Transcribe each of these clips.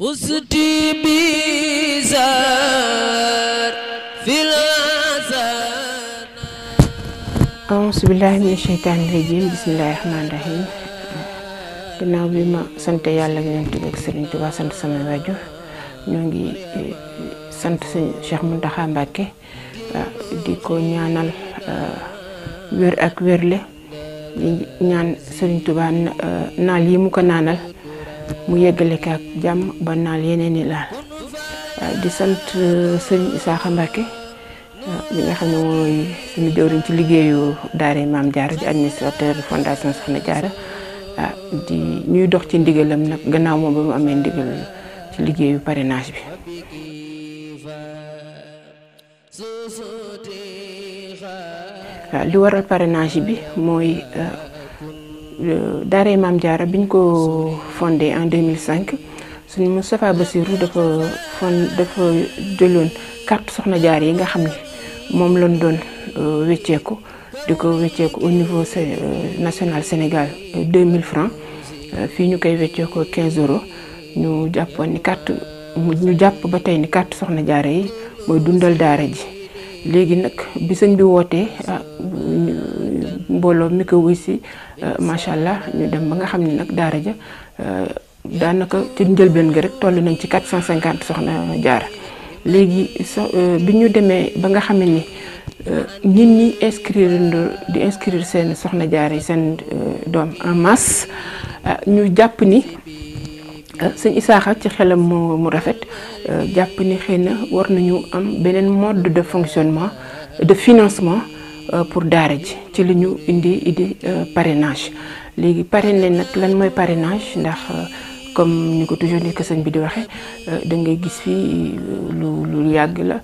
فزت بزار في الأزانة أعوذ بالله من الشيطان الرجيم بسم الله الرحمن الرحيم ginnaaw bi ma sant yàlla gi yonent bi ak Sëriñ Tuubaa sant sama waajur ñoo ngi eh, sant sëñ eh, di ko ñaanal eh, wér ak wérle di ñaan Sëriñ Tuubaa naal yi mu ko naanal mu yëggale ko ak jàmm ba yeneen laal di sant euh, sëriñ Isaaxa Mbacke euh, bi nga xam ne mooy suñu jëwriñ ci liggéeyu daare Maam Jaara di administrateur fondation Soxna Jaara di dox ci ndigalam nag gannaaw moom ba mu amee ndigal ci liggéeyu parrainage bi li waral parrainage bi mooy euh, Euh, daaray Maam jaara biñ ñu ko fonde en cinq suñu Moustapha Bassirou dafa fond dafa jëloon carte soxna jaar yi nga xam ne moom lañ doon euh, wecceeku di ko wecceeku au niveau euh, national Sénégal 2000 francs fii ñu koy wecceekoo 15 euros ñu jàppoon ni carte ñu jàpp ba tey ni carte soxna jaare yi mooy dundal daara ji léegi nag bi sëñ bi wootee ah, mbooloo mi ko wuy si euh, macha allah ñu dem ba nga xam ni nag daara ja euh, daanaka ci njëlbeen gi rek toll nañ ci 450 soxna jaar léegi so euh, bi ñu demee ba nga xam ne ni nit ñi inscrire di inscrire seen soxna jaara yi seen doom en masse ñu jàpp ni sëñ Isaaxa ci xelam mu mu rafet jàpp ni xëy na war nañu am beneen mode de fonctionnement de financement. Euh, pour daara ji ci li ñu indi idi euh, parrainage léegi parrainé nag lan mooy parrainage ndax euh, comme ñu ko toujours ni ko bi di waxee da ngay gis fii lu lu yàgg la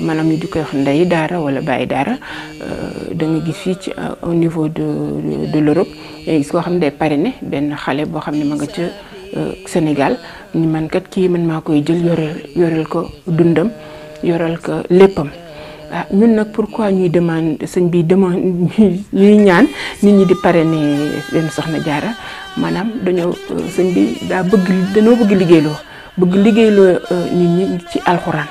maanaam ñu di koy wax ndey daara wala bàyyi daara da nga gis fii ci au niveau de de l'Europe gis koo xam ne day parrainé benn xale boo xam ne ma nga ca Sénégal ni man kat kii man maa koy jël yore yoreel ko dundam yoreel ko léppam. ah ñun nag pourquoi ñuy demande sëñ bi demande ñuy ñaan nit ñi di parrainer seen soxna jaara maanaam dañoo euh, sëñ bi daa bëgg dañoo bëgg liggéeyloo bëgg liggéeyloo ñu euh, ñi ci alxuraan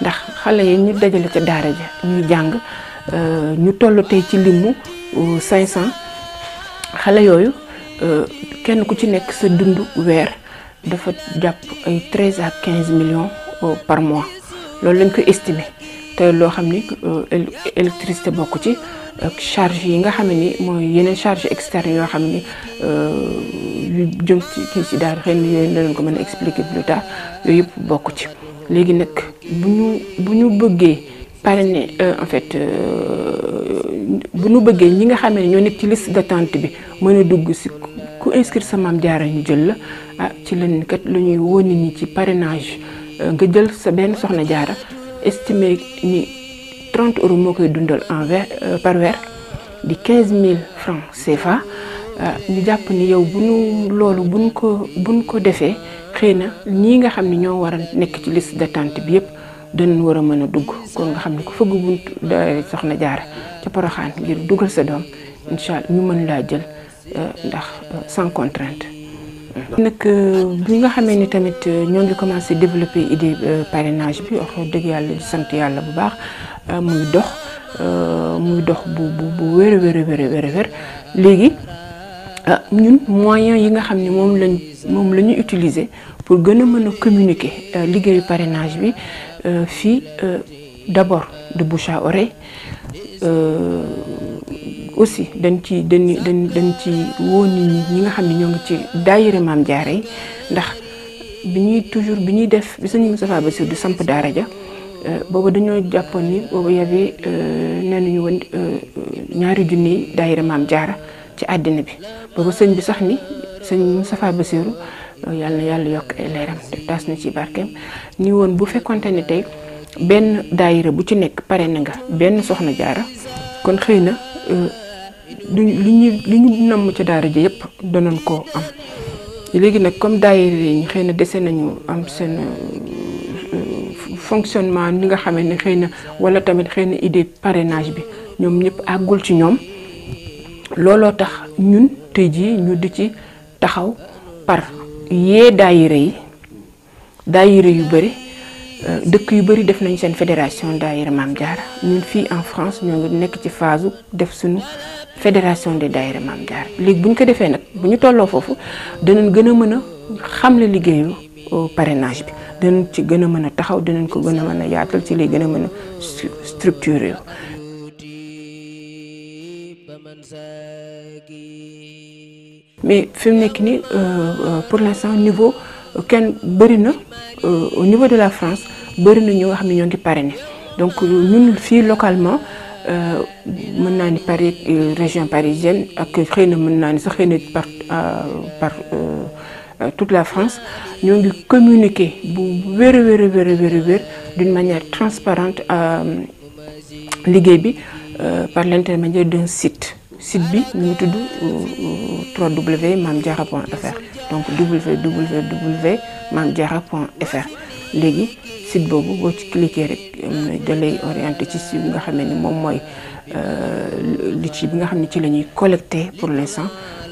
ndax xale yi ñu dajale ca daara ja ñuy jàng euh, ñu toll tey ci limu 500 xale yooyu kenn ku ci nekk sa dund weer dafa jàpp ay 13 à 15 millions par mois loolu lañ ko estimer. te loo xam ni euh, électricité bokk ci ak charge yi nga xam ni mooy yeneen charge externe yoo xam ni euh, yu jëm ci kii si daal xëy na yéen danañ ko mën a expliquer plus tard yooyu yëpp bokk ci léegi nag bu ñu bu ñu bëggee parrainer euh, en fait bu ñu bëggee ñi nga xam ne ñoo nekk ci liste d'attente bi mën a dugg si ku inscrire sa maam jaara ñu jël la ah ci lenn kat lu ñuy wóor ñi ci parrainage nga jël sa benn soxna jaara estimé ni 30 euros moo koy dundal en weer euh, par weer di 15000 francs CFA euh, ñu jàpp ni yow bu ñu loolu bu ñu ko bu ñu ko defee xëy na ñii nga xam ni ñoo war a nekk ci liste d'attente bi yépp dañu war a mën a dugg kon nga xam ne ko fëgg buntu euh, soxna jaara ca Poroxaan ngir dugal sa doom incha allah ñu mën laa jël ndax sans nag euh, bi nga xamee ni tamit euh, ñoo ngi commencé développer idée euh, parrainage bi wax dëgg yàlla di sant yàlla bu baax muy dox muy dox bu bu bu wér a wér a léegi ah, ñun moyens yi nga xam ni moom lañ moom la ñu utiliser pour gën a mën a communiquer liggéeyu parenage bi fii d'abord de bouche à oreille. aussi dañ ci dañ dañ dañ ci woo ñi nga xam ne ñoo ngi ci daayira maam jaare yi ndax bi ñuy toujours bi ñuy def bi sëñ Moustapha Bassirou di samp daara ja euh, boobu dañoo jàppoon ni boobu yawee euh, nee nañu woon euh, ñaari junni daayira maam jaara ci àddina bi boobu sëñ bi sax ni sëñ Moustapha Bassirou yàlla na yàlla yokk ay leeram te taas na ci barkeem ni woon bu fekkonte ni tey benn daayira bu ci nekk pare na nga benn soxna jaara kon xëy na duñ li ñu li ñu namm ci daara ji yëpp danañ ko am léegi nag comme daayira yi xëy na dese nañu am seen euh, fonctionnement ni nga xamee ni xëy na wala tamit xëy na idée parrainage bi ñoom ñëpp àggul ci ñoom looloo tax ñun tey jii ñu di ci taxaw par yee daayira yi daayira yu bari Euh, dëkk yu bëri def nañ seen fédération daayira Maam Jaara ñun fii en France ñoo ngi nekk ci phase def suñu fédération de daayira Maam Jaara léegi buñ ko defee nag bu ñu tolloo foofu danañ gën a mën a xamle liggéeyu euh, parrainage bi danañ ci gën a mën a taxaw danañ ko gën a mën a yaatal ci lay gën a mën a structuré mais fi nekk nii euh, pour sant niveau kenn bëri na euh, au niveau de la France bëri na ñoo xam ne ñoo ngi parrainé donc ñun fii localement euh, mën naa ni Paris euh, région parisienne ak xëy na mën naa ni sax xëy na par par toute la France ñoo ngi communiquer bu wér a wér a wér a d'une manière transparente liggéey bi par l'intermédiaire d'un site site bi ñu ngi tudd 3W maam jaara point donc www.mamdiara.fr léegi site boobu boo ci cliquer rek euh, da lay orienté ci site bi nga xam ne ni moom mooy euh, li ci bi nga xam ne ci la ñuy collecté pour l'instant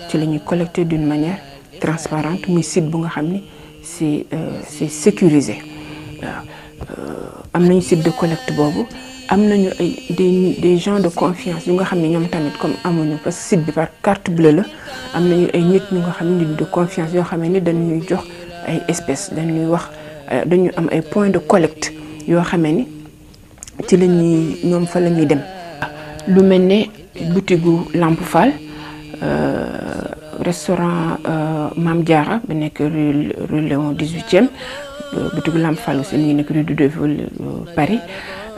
ci la ñuy collecté d'une manière transparente muy site bu nga xam ni c'est euh, c'est sécurisé waaw am nañu site de collecte boobu am nañu ay des des gens de confiance yu nga xam ne ñoom tamit comme amuñu parce que site bi par carte bleue la am nañu ay nit ñu nga xam ne nit de confiance yoo xam ne dañuy jox ay espèces dañuy wax euh, dañu am ay points de collecte yoo xam ni ci la ñuy ñoom fa la ñuy dem. lu mel ni boutique gu Lamp Fall euh, restaurant euh, Mame Diarra bi nekk rue rue Léon 18e boutique gu Lamp Fall aussi ñu nekk rue du Devil Paris.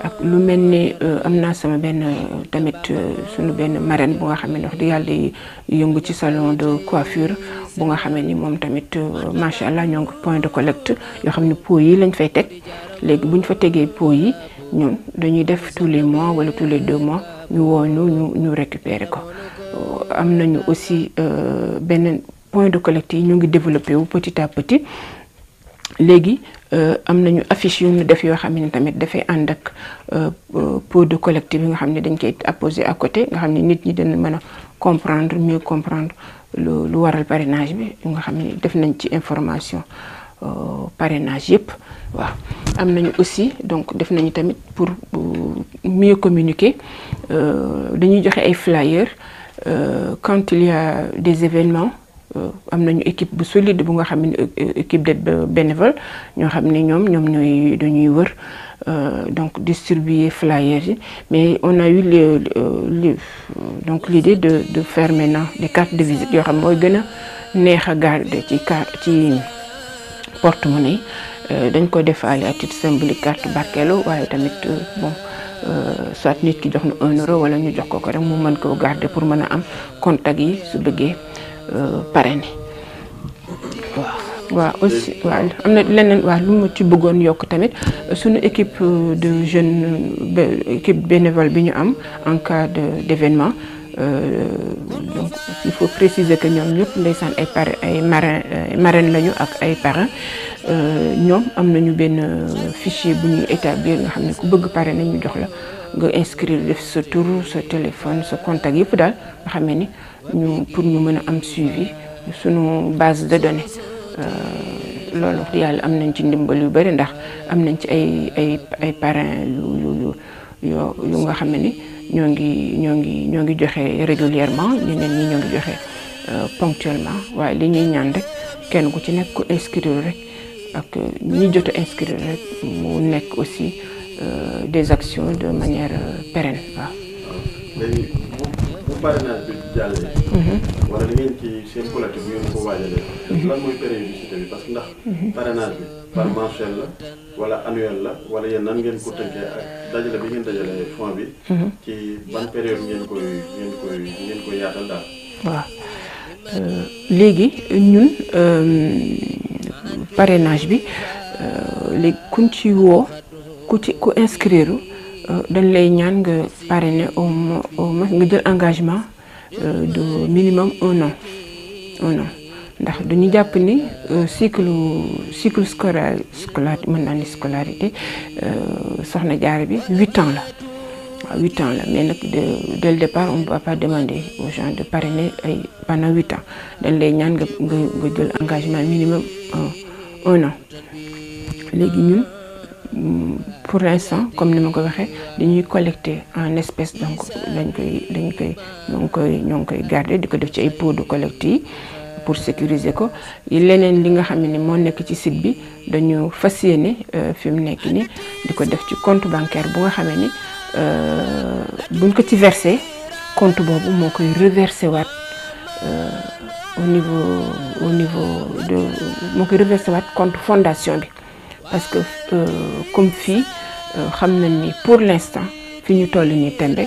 ak lu mel ni euh, am naa sama benn euh, tamit euh, suñu benn marraine bu nga xam ne wax dëgg yàlla di yëngu ci salon de coiffure bu nga xamee ni moom tamit macha allah ñoo ngi point de collecte yoo xam ne pot yi lañ fay teg léegi bu ñu fa tegee pot yi ñun dañuy def tous les mois wala tous les deux mois ñu woo ñu ñu ñu récupérer ko am nañu aussi benn point de collecte yi ñu ngi développé wu petit à petit léegi euh, am nañu affiche yu ñu def yoo xam ne tamit dafay ànd ak euh, euh, pot de collecte yi nga xam ne dañ koy apposé à côté nga xam ne nit ñi dañ mën a comprendre mieux comprendre lu lu waral parrainage bi nga xam ne def nañ ci information parrainage yëpp waaw. am nañu aussi donc def nañu tamit pour mieux communiquer dañuy joxe ay flyers quand il y des événements. Euh, am nañu équipe bu solide bu nga xam ne euh, équipe de bénévole ñoo xam ni ñoom ñoom ñooy dañuy wër euh, donc distribuer flyers yi mais on a eu le, le, donc l'idée de de fermer maintenant de cartes de visite yoo xam mooy gën a neex a garder ci ci porte-monnaie dañ ko defaale à titre symbolique carte barkelo waaye tamit bon soit nit ki jox na un euro wala ñu jox ko ko rek mu mën koo garder pour mën a am contact yi su bëggee. parrainer waaw. waaw aussi waaw am na leneen waa lu ma ci bëggoon yokk tamit suñu équipe de jeunes équipe bénévole bi ñu am en cas de d'événement euh, il faut préciser que ñoom ñëpp ndeysaan ay par ay marin marraine lañu ak ay parrain euh, ñoom am nañu benn fichier bu ñuy établir nga xam ne ku bëgg parrain nañu jox la nga inscrire def sa tur sa téléphone sa contact yëpp daal nga xam ni. ñu pour ñu mën a am suivi sunu base de données euh, loolu yàlla am nañ ci ndimbal yu bëri ndax am nañ ci ay ay ay parrain yu yu nga xam ne ñoo ngi ñoo ngi ñoo ngi joxe régulièrement ñeneen ñi ñoo ngi joxe euh, ponctuellement waaye li ñuy ñaan rek kenn ku ci nekk ku inscrire rek ak ñi jot a inscrire rek mu nekk aussi euh, des actions de manière pérenne waaw. jàllee. Mhm. wala li ngeen ci seen collectif bi ngeen ko waajalee. Mhm. lan mooy périodicité bi parce que ndax. Mhm. parrainage bi par mensuel la wala annuel la wala yéen nan ngeen ko tënkee ak dajale bi ngeen dajale fond bi. ci ban période ngeen koy ngeen koy ngeen daal. waaw euh, léegi ñun euh, parrainage bi euh, léegi kuñ ci woo ku ci ku inscrire dañ lay ñaan nga parrainer au moins nga jël engagement. Euh, de minimum un an un an ndax dañu jàpp ni euh, cycle cycle scolaire scolarité mën naa ni scolarité euh, jaar bi huit ans la ah, huit ans la mais nag dès le départ on ne pas demander aux gens de parrainer ay pendant huit ans dañ lay ñaan nga nga jël engagement minimum un an léegi pour l'instant comme ni ma koy waxee dañuy collecter en espèce donc dañ koy dañ koy ñoo ngi koy ñoo ngi koy garder di ko def ci ay pots de collecte yi pour sécuriser ko leneen li nga xam ne moo nekk ci site bi dañu fas yéene euh, fi mu nekk ni di ko def ci compte bancaire bu nga xamee ni euh, buñ ko ci versé compte boobu moo koy reversé waat euh, au niveau au niveau de moo koy reversé waat compte fondation bi parce que euh, comme fii euh, xam nañ ni pour l'instant fi ñu toll nii tembe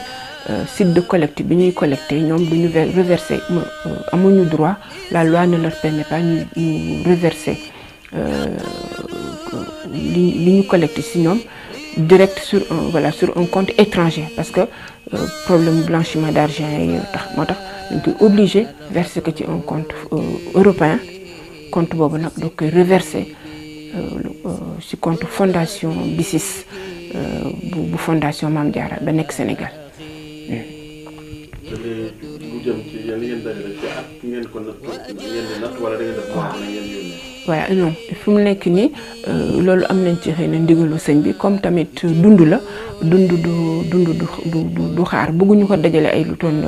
euh, site de collecte bi ñuy collecté ñoom di ñu reverser amuñu droit la loi ne leur permet pas ñu ñu reverser li li ñu collecté si ñoom direct sur un voilà sur un compte étranger parce que problème blanchiment d'argent yi tax moo tax dañ koy obligé verser ko ci un compte européen compte boobu nag doo koy reverser Euh, euh, ci compte fondation bisis euh, bu fondation Mame Diarra ba nekk Sénégal. Hmm. waaw non fi mu nekk nii loolu am nañ ci xëy na ndigalu sëñ bi comme tamit dund la dund du dund du du xaar bëgguñu ko dajale ay lu toll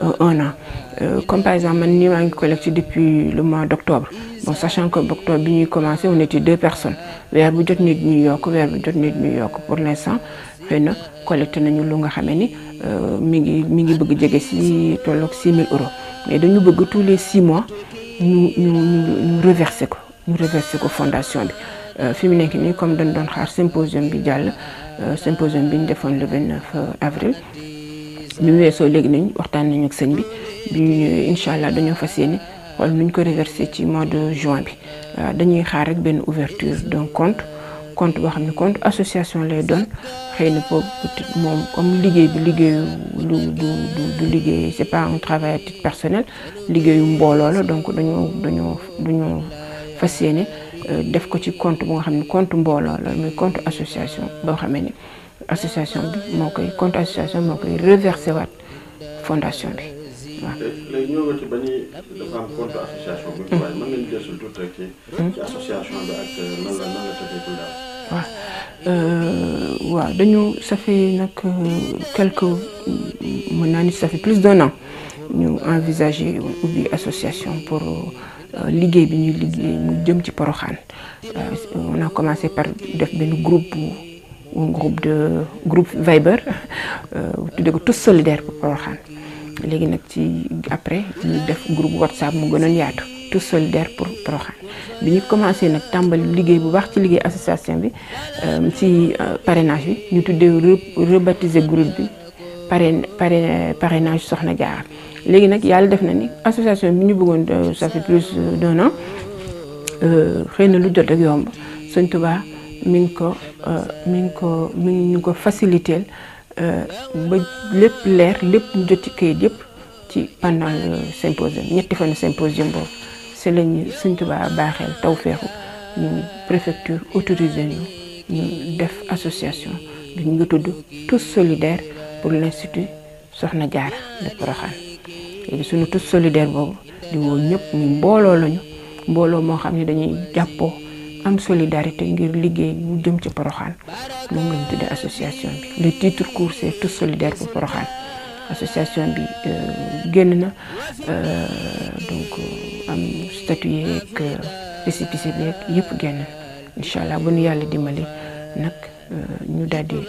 Euh, un an euh, comme par exemple man nii maa ngi collecte depuis le mois d' octobre bon sachant que octobre bi ñuy commencé on était deux personnes weer bu jot nit ñu yokk weer bu jot nit ñuy yokk pour l' instant xëy na collecté nañu lu nga xamee ni euh, mi ngi mi ngi bëgg jege si tolloog 6 000 euros mais dañu bëgg tous les six mois ñu reversé ko ñu reversé ko fondation bi fi mu nekk nii comme dañ doon xaar symposium bi jàll symposium bi ñu defoon le 29 avril. bi mu weesoo léegi nañ waxtaan nañu ak sëñ bi bi ñu ñëwee incha allah dañoo fas yéene xool nuñ ko reversé ci mois de juin bi euh, dañuy xaar rek benn ouverture d'un compte compte boo xam ne compte association lay doon xëy na boobu moom comme liggéey bi liggéeyu du liggéey c'est pas un travail à liggéeyu mbooloo la donc dañoo dañoo dañoo fas yéene euh, def ko ci compte bu nga xam ne compte mbooloo la muy compte association boo xamee ni association bi moo koy compte association moo koy reversé waat fondation bi eh, waaw. mën euh, dañu ça nag euh, quelque mën naa ni ça fait plus d'un an ñu envisager ubbi association pour. Euh, liggéey bi ñuy liggéey mu jëm ci poroxaan on a commencé par def benn groupe bu groupe de groupe Viber euh, tudde ko tous solidaire pour Porokhane léegi nag ci après ñu def groupe WhatsApp mu gënoon yaatu tous solidaires pour Porokhane bi ñu commencé nag tàmbali liggéey bu baax ci liggéey association bi euh, ci euh, parrainage bi ñu tuddee rebaptiser groupe bi parrain parrainage Soxna Jaara léegi nag yàlla def na ni association bi ñu buggoon ça fait plus d'un an xëy na lu jot ak yomb Sëñ Tuubaa mi ngi ko euh, mi ngi ko mi ngi ñu ko faciliter euh, ba lépp leer lépp ñu jot ci kayit yëpp ci pendant le symposium ñetti fanu symposium boobu si la ñu Sëñ Tuubaa baaxeel taw feexu ñu préfecture autorisé ñu ñu def association bi ñu tudd tous solidaires pour l'institut Soxna Jaara de Porokhane léegi suñu tous solidaire boobu di woo ñëpp ñu mbooloo lañu mbooloo moo xam ne dañuy jàppoo am solidarité ngir liggéey mu jëm ci poroxaan moom lañ tudde association bi le titre court c'est tous solidaires poroxaan association bi euh, génn na euh, donc euh, am statut yeeg récépissé bi yeeg yëpp génn incha allah bu nu yàlla dimbali nag ñu daal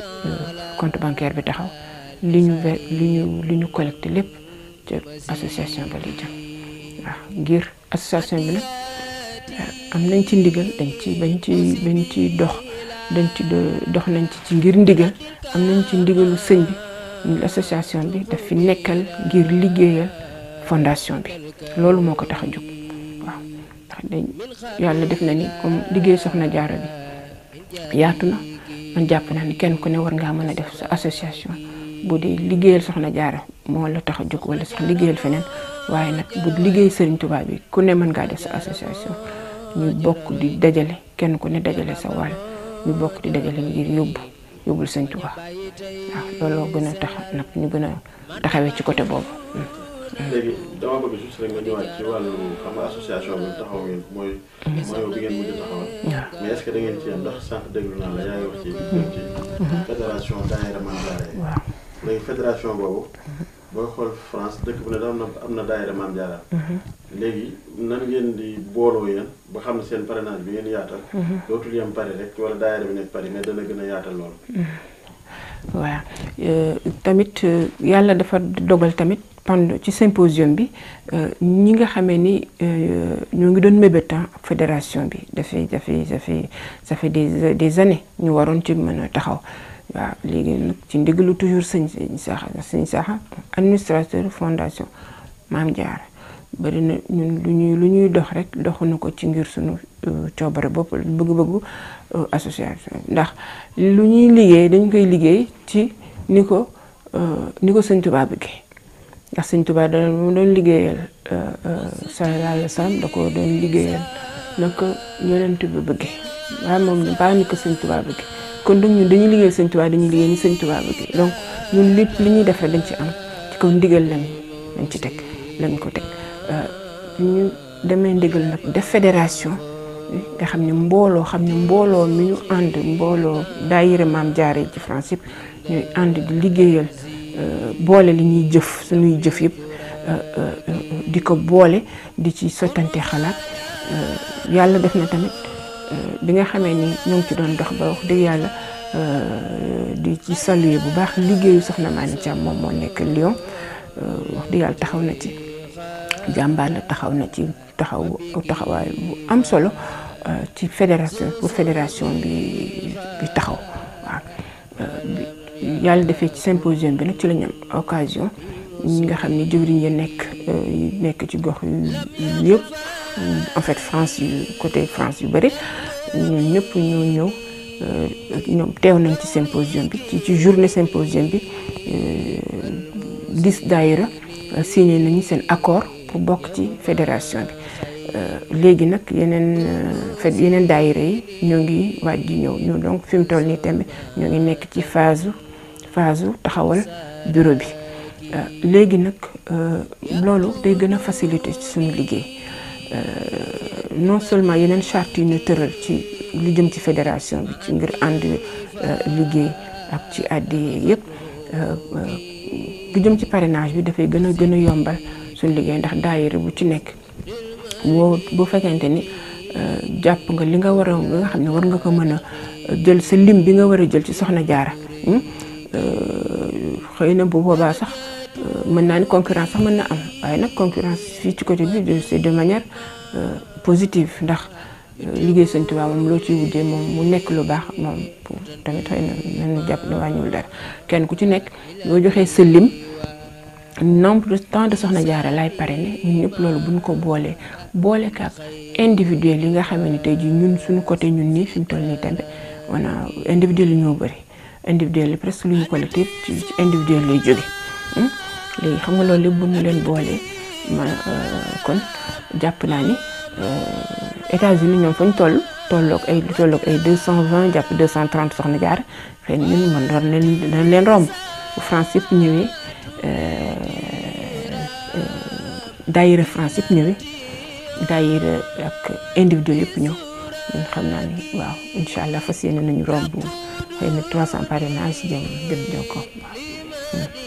compte bancaire bi taxaw li ñu li ñu li ñu collecté lépp ca association ba lay jëm waaw ngir association bi nag. am nañ ci ndigal dañ ci dañ ci bañ ci dox dañ ci dox nañ ci ci ngir ndigal am nañ ci ndigalu sëñ bi association bi daf fi nekkal ngir liggéeyal fondation bi loolu moo ko tax a jóg waaw ndax dañ yàlla def na ni comme liggéey soxna jaara bi yaatu na man jàpp naa ni kenn ku ne war ngaa mën a def sa association bu dee liggéeyal soxna jaara moo la tax a jóg wala sax liggéeyal feneen waaye nag bu liggéey sëriñ tubaab bi ku ne mën ngaa def sa association ñu bokk di dajale kenn ku ne dajale sa wàll ñu bokk di dajale ngir yóbbu yóbbul sëñ Tuubaa waaw looloo gën a tax nag ñu gën a taxawee ci côté boobu. léegi ci wàllu xam nga mais est-ce que ndax sànq déglu naa la yaa wax ci. Mm-hmm. Mm-hmm. fédération boobu. booy xool France dëkk bu ne am na am na daayira maam jaara mhm. léegi nan ngeen di booloo yéen ba xam ne seen parrainage bi ngeen yaatal. Mhm. loolu. Mhm. Euh, tamit euh, yàlla dafa dogal tamit pendant ci symposium bi euh, ñi nga xamee ni ñoo ngi doon mébét fédération bi dafay dafay dafay ça fait des des années ñu waroon ci mën a taxaw. waaw léegi nag ci lu toujours sëñ saxa sëñ saxa administrateur fondation Maam Jaara bari na ñun lu ñuy lu ñuy dox rek doxuñu ko ci ngir suñu euh, coobare bopp bëgg-bëggu euh, association ndax lu ñuy liggéey dañ koy liggéey ci ni ko euh, ni ko sëñ Tuubaa bëggee ndax sëñ Tuubaa da mu doon liggéeyal sallallahu alayhi wa sallam ko doon liggéeyal nag yonent bi bëggee waaye moom baa ni ko sëñ Tuubaa kon donc ñun dañuy liggéeyal sëñ dañuy liggéey ni sëñ Tuubaa bëgg donc ñun lépp li ñuy def rek dañ ci am ci kaw ndigal lañ lañ ci teg lañ ko teg euh, ñu demee def fédération nga xam ne mbooloo xam ne mbooloo mi ñu ànd mbooloo daayira maam jaare ci France yëpp ñuy ànd di liggéeyal euh, boole li ñuy jëf suñuy jëf yëpp euh, di ko boole di ci sottante xalaat yàlla def na tamit Euh, bi nga xamee ni ñoo ci doon dox ba wax dëgg yàlla euh, di ci saluer bu baax liggéeyu soxna Mani Thiam moom moo nekk Lyon euh, yàlla taxaw na ci jàmbaar la taxaw na ci taxaw taxawaay bu am solo ci fédération pour fédération bi taxaw waaw yàlla defee ci symposium bi nag ci lañu occasion ñi nga xam ni jëwriñ ya nekk nekk ci gox yu yëpp en fait France yu côté France yu bëri ñun ñëpp ñoo ñëw euh, ñoom teew nañ ci symposium bi ci ci seen symposium bi dix euh, daayira euh, signé nañu seen accord pour bokk ci fédération bi léegi nag yeneen fait yeneen daayira yi ñoo ngi waaj di ñëw ñu donc fi mu toll nii tamit ñoo ngi nekk ci phase phase taxawal bureau bi léegi nag loolu day gën a faciliter ci suñu liggéey Euh, non seulement yeneen chart yu ñu tëral ci lu jëm ci fédération bi ci ngir ànd euh, liggéey ak ci àddi yëpp euh, lu jëm ci parrainage bi dafay gën a gën a yombal suñ liggéey ndax daayira bu ci nekk boo bu fekkente ni jàpp nga li nga war a nga xam ne war nga ko mën a jël sa lim bi nga war a jël ci soxna jaara hmm? xëy na bu boobaa sax mën naa ni concurrence sax mën na am waaye nag concurrence fii ci côté bi c'est de manière euh, positive ndax euh, liggéey Sëñ waa moom loo ci wujjee moom mu nekk lu baax moom pour tamit xëy na nañu jàpp ne wàññiwul dara kenn ku ci nekk boo joxe sa lim nombre de temps de Soxna Jaara lay pare ne ñun ñëpp loolu buñ ko boolee boole kaak individuel yi nga xamee ni tey jii ñun suñu côté ñun nii fi mu toll nii tamit on a individuel yi ñoo bëri individuel yi presque lu ñu collectif ci individuel lay jóge hmm? léegi xam nga loolu lépp mu leen boole ma euh, kon jàpp naa ni euh, États-Unis ñoom fa ñu toll tolloog ay lu tolloog ay deux cent vingt jàpp deux cent trente soxna jaar xëy na ñun man doon leen dañ leen romb bu France yëpp ñëwee euh, daayira France yëpp ñëwee daayira ak yëpp ñëw ñun xam naa waaw incha allah fas yéene nañu romb xëy na trois cent parrainage jëm jëm jokkoo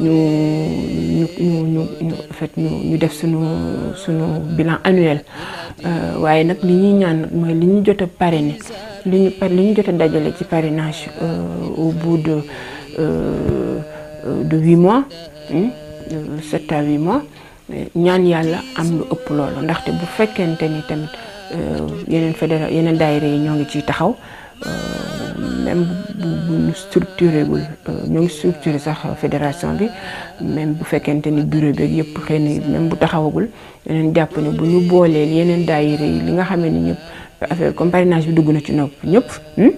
ñu ñu ñu ñu en fait ñu ñu def suñu suñu bilan annuel euh, waaye nag li ñuy ñaan nag li ñu jot a parrainé li par li ñu jot a dajale ci parrainage euh, au bout de euh, de huit mois hmm, sept à huit mois ñaan yàlla am lu ëpp loolu ndaxte bu fekkente ni tamit yeneen fédéral yeneen daayira yi ñoo ngi ciy taxaw même bu bu structuré wul euh, ñoo ngi structuré sax fédération bi même bu fekkente ni bureau beeg yëpp xëy na même bu taxawagul yeneen jàpp ne bu ñu boolee yeneen daayira yi li nga xame ni ñëpp affaire comme parrainage bi dugg na ci nopp ñëpp hmm?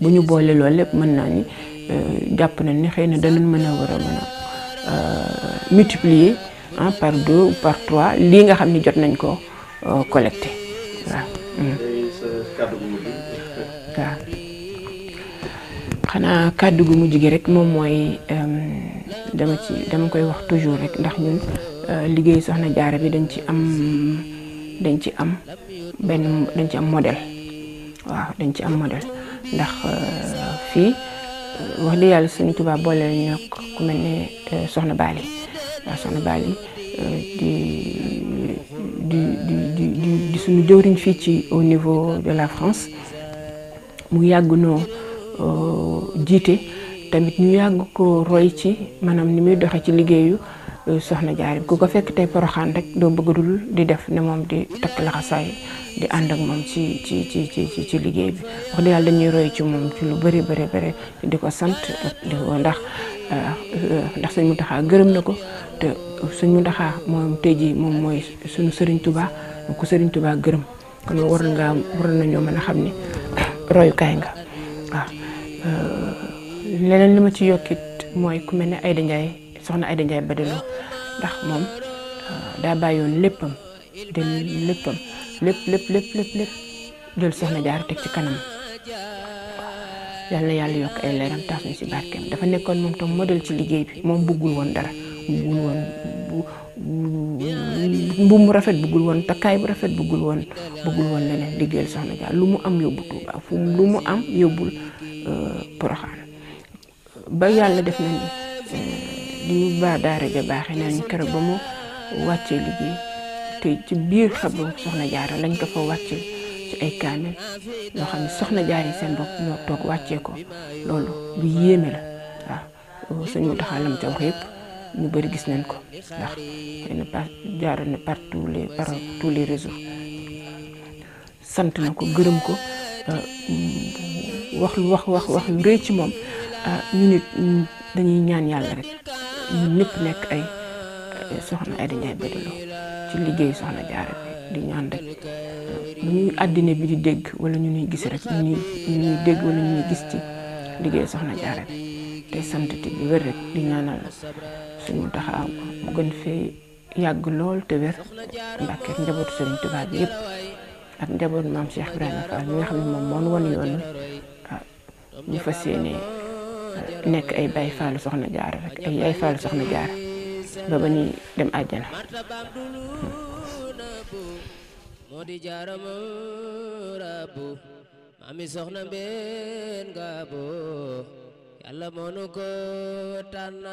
bu ñu boolee loolu lépp mën naa ni euh, jàpp nañ ni xëy na danañ mën a war a mën euh, multiplier par deux ou par trois lii nga xam ni jot nañ ko collecté waaw. Hmm. xanaa kàddu gu mujj gi rek moom mooy euh, dama ci dama koy wax toujours rek ndax ñun euh, liggéey soxna jaara bi dañ ci am dañ ci am benn dañ ci am modèle waaw dañ ci am modèle ndax euh, fii wax dëgg yàlla sëñ tubaab boole lañu nag mel ne soxna Bali waaw soxna Bali di di di di suñu jëwriñ fii ci au niveau de la France mu yàgg noo Euh, jiite tamit ñu yàgg ko roy ci maanaam ni muy doxe ci liggéeyu euh, soxna jaari ku ko fekk tey poroxaan rek doo bëgg dul di def ne moom di takk laxasaay di ànd ak moom ci ci ci ci ci liggéey bi wax yàlla dañuy roy ci moom ci lu bëri bëri di ko sant di ko ndax euh, ndax sëñ Muntaxa gërëm na ko te sëñ Muntaxa moom tey jii moom mooy suñu sëriñ tubaa ku sëriñ tubaa gërëm kon war ngaa war nañoo mën a xam ni royukaay nga Euh, leneen li ma ci yokkit mooy ku mel ne Aïda Ndiaye soxna ay Aïda Ndiaye Badelo ndax moom euh, daa bàyyoon léppam dem léppam lépp lépp lépp lépp lépp jël soxna jaar teg ci kanam yàlla yàlla yokk ay leeram tax ñu si barkeem dafa nekkoon moom tam modèle ci liggéey bi moom bëggul woon dara bëggul woon mbuum mu rafet bëggul woon takkaay bu rafet bëggul woon bëggul woon leneen liggéeyal soxna Dia lu mu am yóbbu Touba mu am yóbbul euh, Porokhane ba yàlla def na ni li euh, ñu ba daara ja baaxee nee nañ keroog ba mu wàccee liggéey te ci biir xabru soxna jaara lañ ko fa wàccee ci ay kaamel yoo xam ne soxna jaar yi seen bopp ñoo toog wàccee ko loolu lu yéeme la waaw suñu taxalam ca wax yëpp. ñu bari gis nañ ko ndax xëy na jaaroon na par tous les par tous les réseaux sant na ko gërëm ko euh, wax lu wax wax wax lu rëy ci moom ah, ñu nit dañuy ñaan yàlla rek ñu ñëpp nekk ay soxna Aida Ndiaye Badillo ci liggéey soxna jaara bi di ñaan rek euh, ñuy àddina bi di dégg wala ñu ñuy gis gis ci liggéey soxna jaara bi sant te bi wér rek di ñaanal suñu taxaw mu gën fee yàgg lool te wér Mbàkke njabootu Sëriñ Tuubaa bi yëpp njaboot maam Cheikh Ibrahima Fall mi nga xam ne moom moon wan yoon ah, ñu fas yéene ah, nekk ay Baay Fallu Soxna Jaara rek ay Yaay Fallu Soxna Jaara ba ba ñuy dem àjjana hmm. yàlla moo nu ko tànn